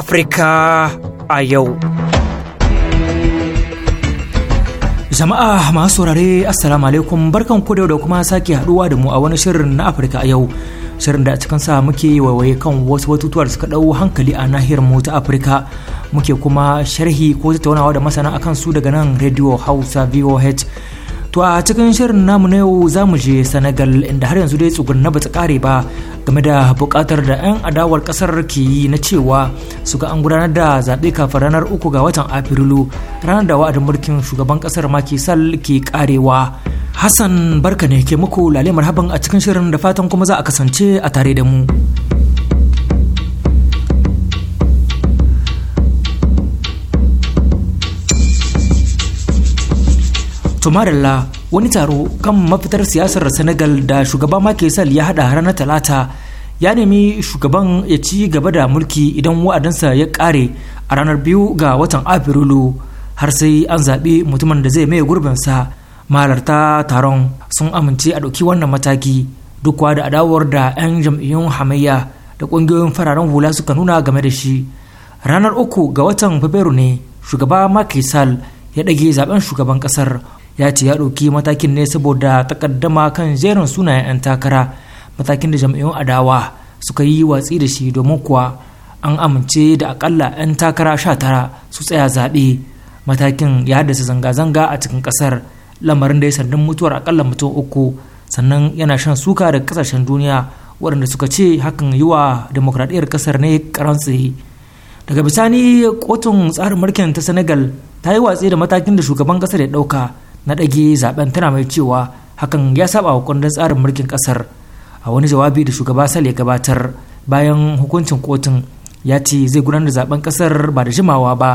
afirka a yau Jama'a masu saurare Assalamu alaikum barkan ku da kuma sake haduwa da mu a wani shirin na Afirka a yau. Shirin da cikin sa muke waiwaye kan wasu da suka dau hankali a nahiyar mu ta Afirka. Muke kuma sharhi ko tattaunawa da masana akan su daga nan Radio Hausa VOH. To a cikin shirin namu na yau za mu je Senegal inda har yanzu dai tsugunna ba ta kare ba game da bukatar da 'yan adawar kasar ke yi na cewa su ga an gudanar da zaɓe kafin ranar uku ga watan Afrilu ranar da wa'adin mulkin shugaban kasar Macky Sall ke karewa. Hassan barka ne ke muku lale haban a cikin shirin da fatan kuma za a kasance a tare da mu. tumarilla wani taro kan mafitar siyasar senegal da shugaba Macky ya hada ranar talata ya nemi shugaban ya ci gaba da mulki idan wa'adansa ya kare a ranar biyu ga watan afrilu har sai an zaɓi mutumin da zai maye sa malarta taron sun amince a ɗauki wannan mataki duk da adawar da 'yan jam'iyyun hamayya da ƙungiyoyin fararen hula suka nuna game da shi ranar uku ga watan fabrairu ne shugaba Macky ya ɗage zaben shugaban ƙasar ya ce ya ɗauki matakin ne saboda takaddama kan jerin sunayen 'yan takara matakin da jam'iyyun adawa suka yi watsi da shi domin kuwa an amince da akalla 'yan takara sha tara su tsaya zaɓe matakin ya haddasa zanga-zanga a cikin ƙasar lamarin da ya sandan mutuwar akalla mutum uku sannan yana shan suka da ƙasashen duniya waɗanda suka ce hakan yi wa demokradiyyar ƙasar ne karantsi daga bisani kotun tsarin mulkin ta senegal ta yi watsi da matakin da shugaban ƙasar ya ɗauka na ɗage zaben tana mai cewa hakan ya saba wa kundin tsarin mulkin ƙasar a wani jawabi da shugaba sale gabatar bayan hukuncin kotun ya ce zai gudanar da zaben ƙasar ba da jimawa ba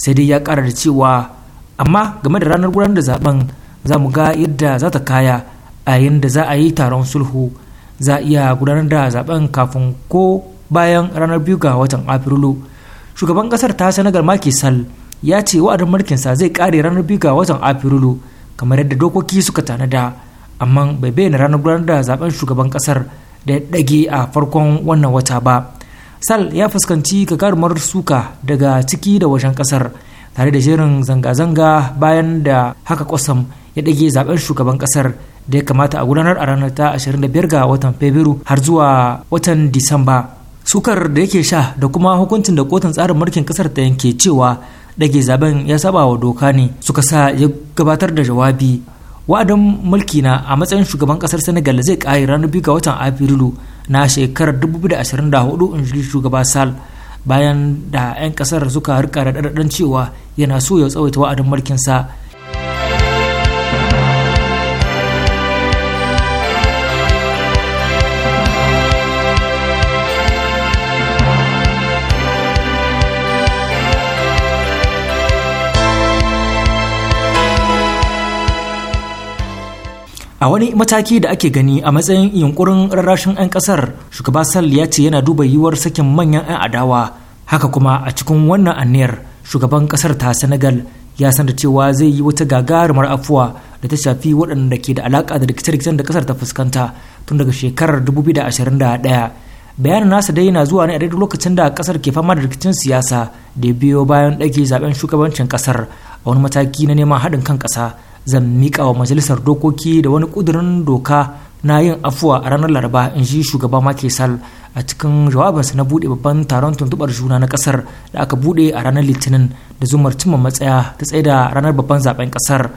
sai dai ya ƙara da cewa amma game da ranar gudanar da zaben za mu ga yadda za ta kaya a yayin da za a yi taron sulhu za a iya gudanar da zaben kafin ko bayan ranar biyu ga watan afrilu shugaban kasar ta senegal makisal sal. ya ce wa'adin mulkin sa zai kare ranar biyu ga watan afrilu kamar yadda dokoki suka tanada amma bai bayyana ranar gudanar da zaben shugaban kasar da ya dage a farkon wannan wata ba sal ya fuskanci gagarumar suka daga ciki da wajen kasar tare da jerin zanga-zanga bayan da haka kwasam ya dage zaben shugaban kasar da ya kamata a gudanar a ranar ta 25 ga watan fabiru har zuwa watan disamba sukar da yake sha da kuma hukuncin da kotun tsarin mulkin kasar ta yanke cewa dage zaben ya saba wa doka ne suka sa ya gabatar da jawabi wa'adin mulki na a matsayin shugaban kasar senegal zai kare ranar biyu ga watan afrilu na shekarar 2024 in ji shugaba sal bayan da 'yan kasar suka rika da cewa yana so ya tsawaita wa'adin mulkinsa a wani mataki da ake gani a matsayin yunkurin rarrashin 'yan kasar shugaba sal ya ce yana duba yiwuwar sakin manyan 'yan adawa haka kuma a cikin wannan anniyar shugaban kasar ta senegal ya san da cewa zai yi wata gagarumar afuwa da ta shafi waɗanda ke da alaƙa da rikice-rikicen da kasar ta fuskanta tun daga shekarar 2021 bayanin nasa dai yana zuwa ne a daidai lokacin da kasar ke fama da rikicin siyasa da biyo bayan ɗage zaben shugabancin kasar a wani mataki na neman haɗin kan ƙasa zan mika wa majalisar dokoki da wani ƙudurin doka na yin afuwa a ranar laraba in ji shugaba Macky Sall a cikin jawabinsa na buɗe babban taron tuntuɓar juna na ƙasar da aka buɗe a ranar litinin da zumar cimma matsaya ta tsaida ranar babban zaben ƙasar.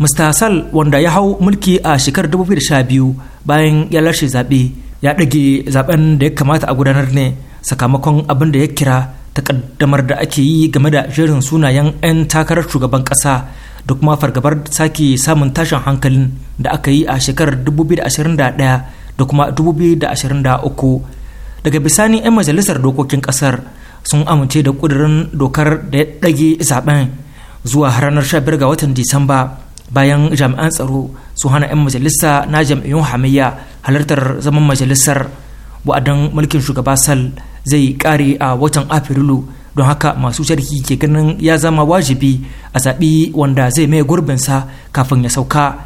Mr. sal wanda ya hau mulki a shekarar 2012 bayan ya lashe zaɓe ya dage zaben da ya kamata a gudanar ne sakamakon abin da ya kira takaddamar da ake yi game da jerin sunayen 'yan takarar shugaban ƙasa da kuma fargabar sake samun tashin hankalin da aka yi a shekarar 2021 da kuma 2023 daga bisani 'yan majalisar dokokin kasar sun amince da kudurin dokar da ya ɗage zaben zuwa ranar 15 ga watan disamba bayan jami'an tsaro su hana 'yan majalisa na jam'iyyun hamayya halartar zaman majalisar wa'adan mulkin shugaba sal zai kare a watan afrilu don haka masu sharhi ke ganin ya zama wajibi a zaɓi wanda zai mai gurbinsa kafin ya sauka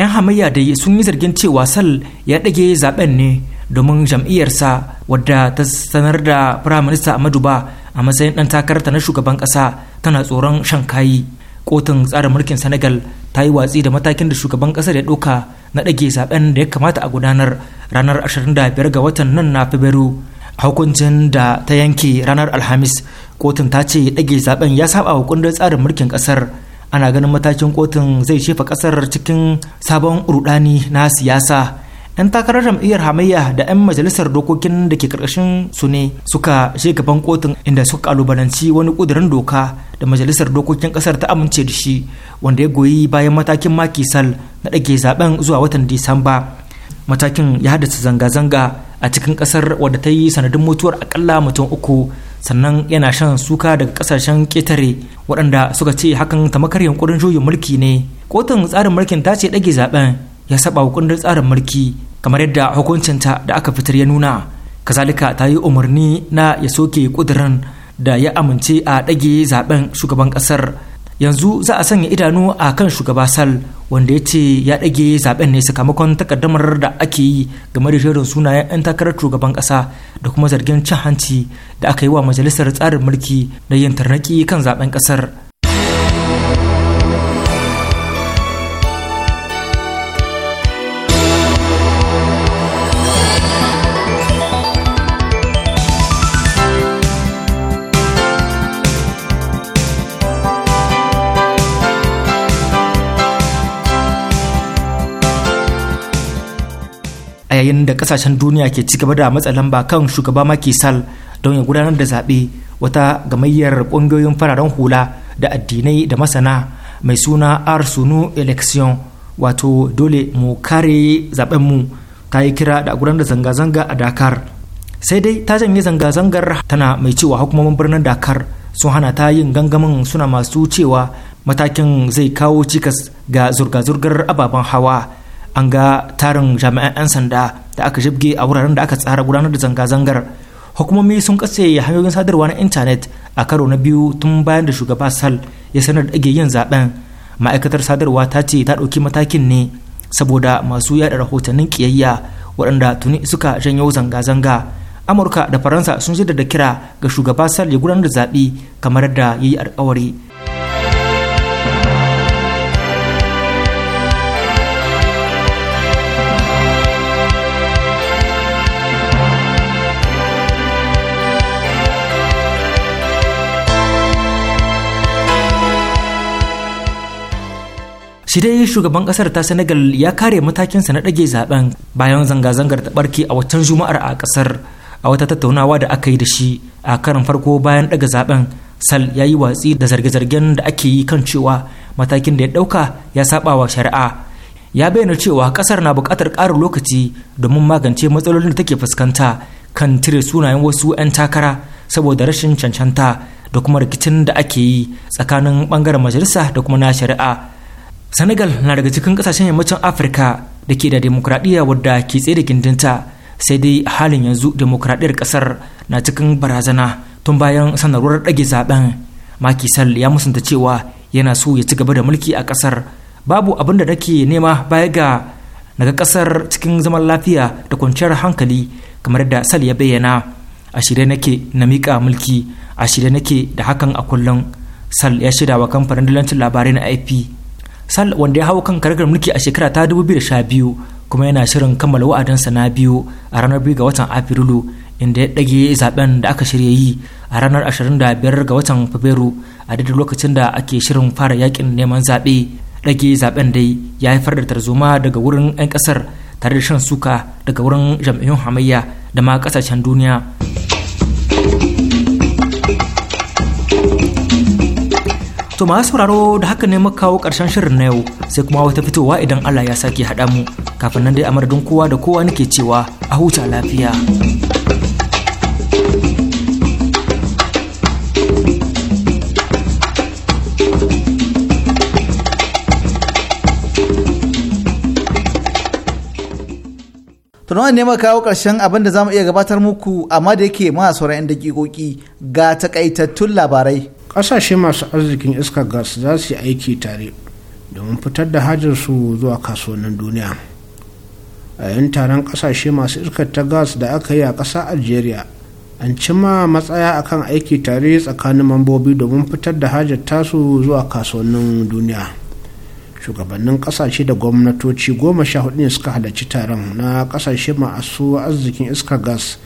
'yan hamayya da sun yi zargin cewa sal ya ɗage zaben ne domin jam'iyyarsa wadda ta sanar da firayim minista amadu ba a matsayin ɗan takararta na shugaban ƙasa tana tsoron shan kayi kotun tsarin mulkin senegal ta yi watsi da matakin da shugaban ƙasar ya ɗauka na ɗage zaben da ya kamata a gudanar ranar 25 ga watan nan na fabaru hukuncin da ta yanke ranar alhamis kotun ta ce ɗage zaben ya saba wa kundin tsarin mulkin ƙasar ana ganin matakin kotun zai shefa ƙasar cikin sabon rudani na siyasa 'yan takarar jam'iyyar hamayya da 'yan majalisar dokokin da ke karkashin su ne suka gaban kotun inda suka kalubalanci wani kudurin doka da majalisar dokokin ƙasar ta amince da shi wanda ya goyi bayan matakin makisal na ɗage zaben zuwa watan disamba matakin ya haddasa zanga-zanga a cikin kasar wadda ta yi sanadin mutuwar akalla mutum uku sannan yana shan suka daga kasashen ketare waɗanda suka ce hakan tamakar yunkurin juyin mulki ne kotun tsarin mulkin ta ce ɗage zaben ya saba wa tsarin mulki kamar yadda hukuncinta da aka fitar ya nuna kazalika ta yi umarni na ya soke kudirin da ya amince a ɗage zaben shugaban ƙasar yanzu za a sanya idanu a kan shugaba sal wanda ya ce ya ɗage zaben ne sakamakon takaddamar da ake yi game da shirin sunayen 'yan takarar shugaban ƙasa da kuma zargin cin hanci da aka yi wa majalisar tsarin mulki na yin tarnaki kan zaben ƙasar yayin da kasashen duniya ke ci gaba da matsa lamba kan shugaba Macky Sall don ya gudanar da zaɓe wata gamayyar ƙungiyoyin fararen hula da addinai da masana mai suna Arsunu Election wato dole mu kare mu ta yi kira da gudanar da zanga-zanga a Dakar. Sai dai ta janye zanga-zangar tana mai cewa hukumomin birnin Dakar sun hana ta yin gangamin suna masu cewa matakin zai kawo cikas ga zurga-zurgar ababen hawa. an ga tarin jami'an 'yan sanda da aka jibge a wuraren da aka tsara gudanar da zanga-zangar hukumomi sun kase hanyoyin sadarwa na intanet a karo na biyu tun bayan da shugaba sal ya sanar da ake yin zaben ma'aikatar sadarwa ta ce ta ɗauki matakin ne saboda masu yada rahotannin kiyayya waɗanda tuni suka janyo zanga-zanga amurka da faransa sun jaddada kira ga shugaba sal ya gudanar da zaɓe kamar da yayi yi alkawari shi dai shugaban kasar ta senegal ya kare matakinsa na ɗage zaben bayan zanga-zangar ta barke a watan juma'ar a kasar a wata tattaunawa da aka yi da shi a karin farko bayan ɗaga zaben sal ya yi watsi da zarge-zargen da ake yi kan cewa matakin da ya ɗauka ya saba shari'a ya bayyana cewa kasar na bukatar ƙarin lokaci domin magance matsalolin da take fuskanta kan cire sunayen wasu 'yan takara saboda rashin cancanta da kuma rikicin da ake yi tsakanin ɓangaren majalisa da kuma na shari'a senegal na daga cikin kasashen yammacin afirka da ke da demokradiyya wadda ke tsaye da gindinta sai dai halin yanzu demokradiyyar kasar na cikin barazana tun bayan sanarwar ɗage zaben makisal ya musanta cewa yana so ya ci gaba da mulki a kasar babu abin da nake nema baya ga daga kasar cikin zaman lafiya da kwanciyar hankali kamar da sal ya bayyana a shirye nake na miƙa mulki a shirye nake da hakan a kullum sal ya shida wa kamfanin dalancin labarai na ip sal wanda ya hau kan karagar mulki a shekara ta 2012 kuma yana shirin kammala wa'adansa na biyu a ranar 2 ga watan afrilu inda ya ɗage zaben da aka shirya yi a ranar 25 ga watan fabrairu a daidai lokacin da ake shirin fara yakin neman zaɓe ɗage zaben dai ya haifar da tarzoma daga wurin 'yan ƙasar tare da shan suka daga wurin jam'iyyun hamayya da ma ƙasashen duniya To masu sauraro da haka ne muka kawo ƙarshen shirin na yau sai kuma wata fitowa idan Allah ya sake haɗa mu kafin nan dai a madadin kowa da kowa nake cewa a huta lafiya. tunawa ne kawo ƙarshen abin da za mu iya gabatar muku amma da yake ma sauran 'yan ga takaitattun labarai ƙasashe masu arzikin iska gas za su yi aiki tare domin fitar da su zuwa kasuwannin duniya a yan taron ƙasashe masu iskar ta gas da aka yi a ƙasa algeria an cima matsaya akan aiki tare tsakanin mambobi domin fitar da hajar tasu zuwa kasuwannin duniya shugabannin kasashe da gwamnatoci goma sha hudu ne suka halarci taron na kasashe masu arzikin iskar gas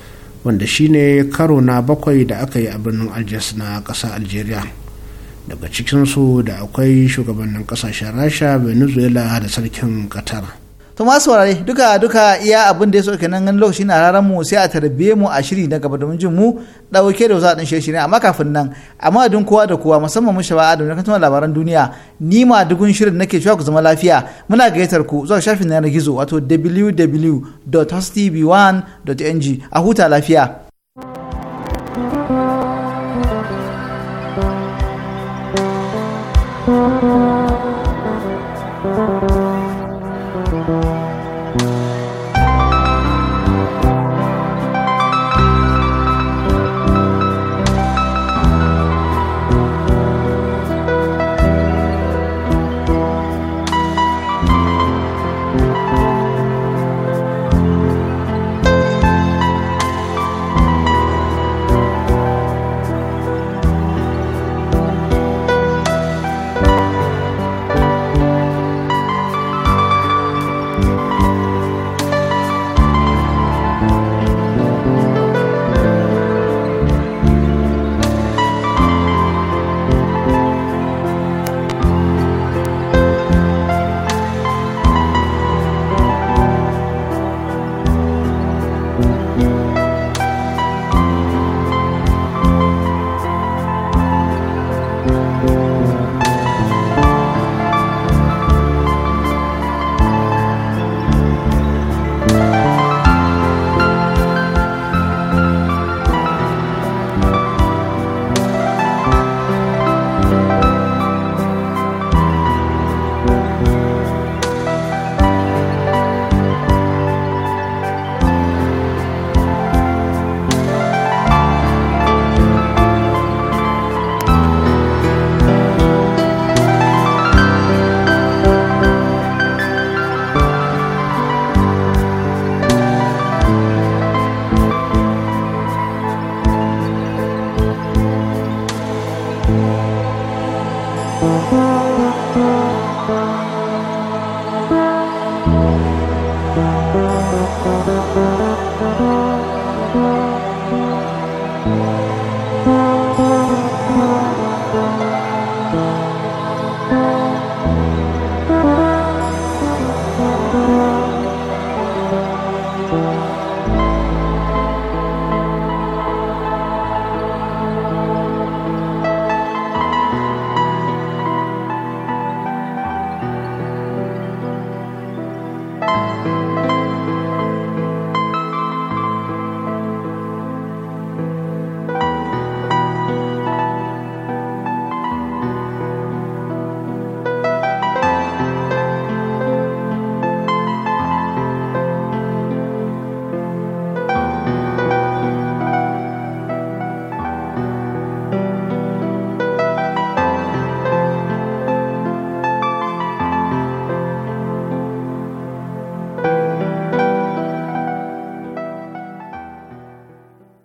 wanda shine karo na bakwai da aka yi a birnin algiers na ƙasa algeria daga cikinsu da akwai shugabannin ƙasashen rasha venezuela da sarkin qatar to ma saurare duka duka iya abin da ya soke nan ganin lokaci na raran mu sai a tarbe mu a shiri na gaba domin jin mu dauke da wasu shirye shirye amma kafin nan amma dun kowa da kowa musamman mun shaba adam kan labaran duniya ni ma dugun shirin nake cewa ku zama lafiya muna gayyatar ku zuwa shafin yanar gizo wato www.hostv1.ng a huta lafiya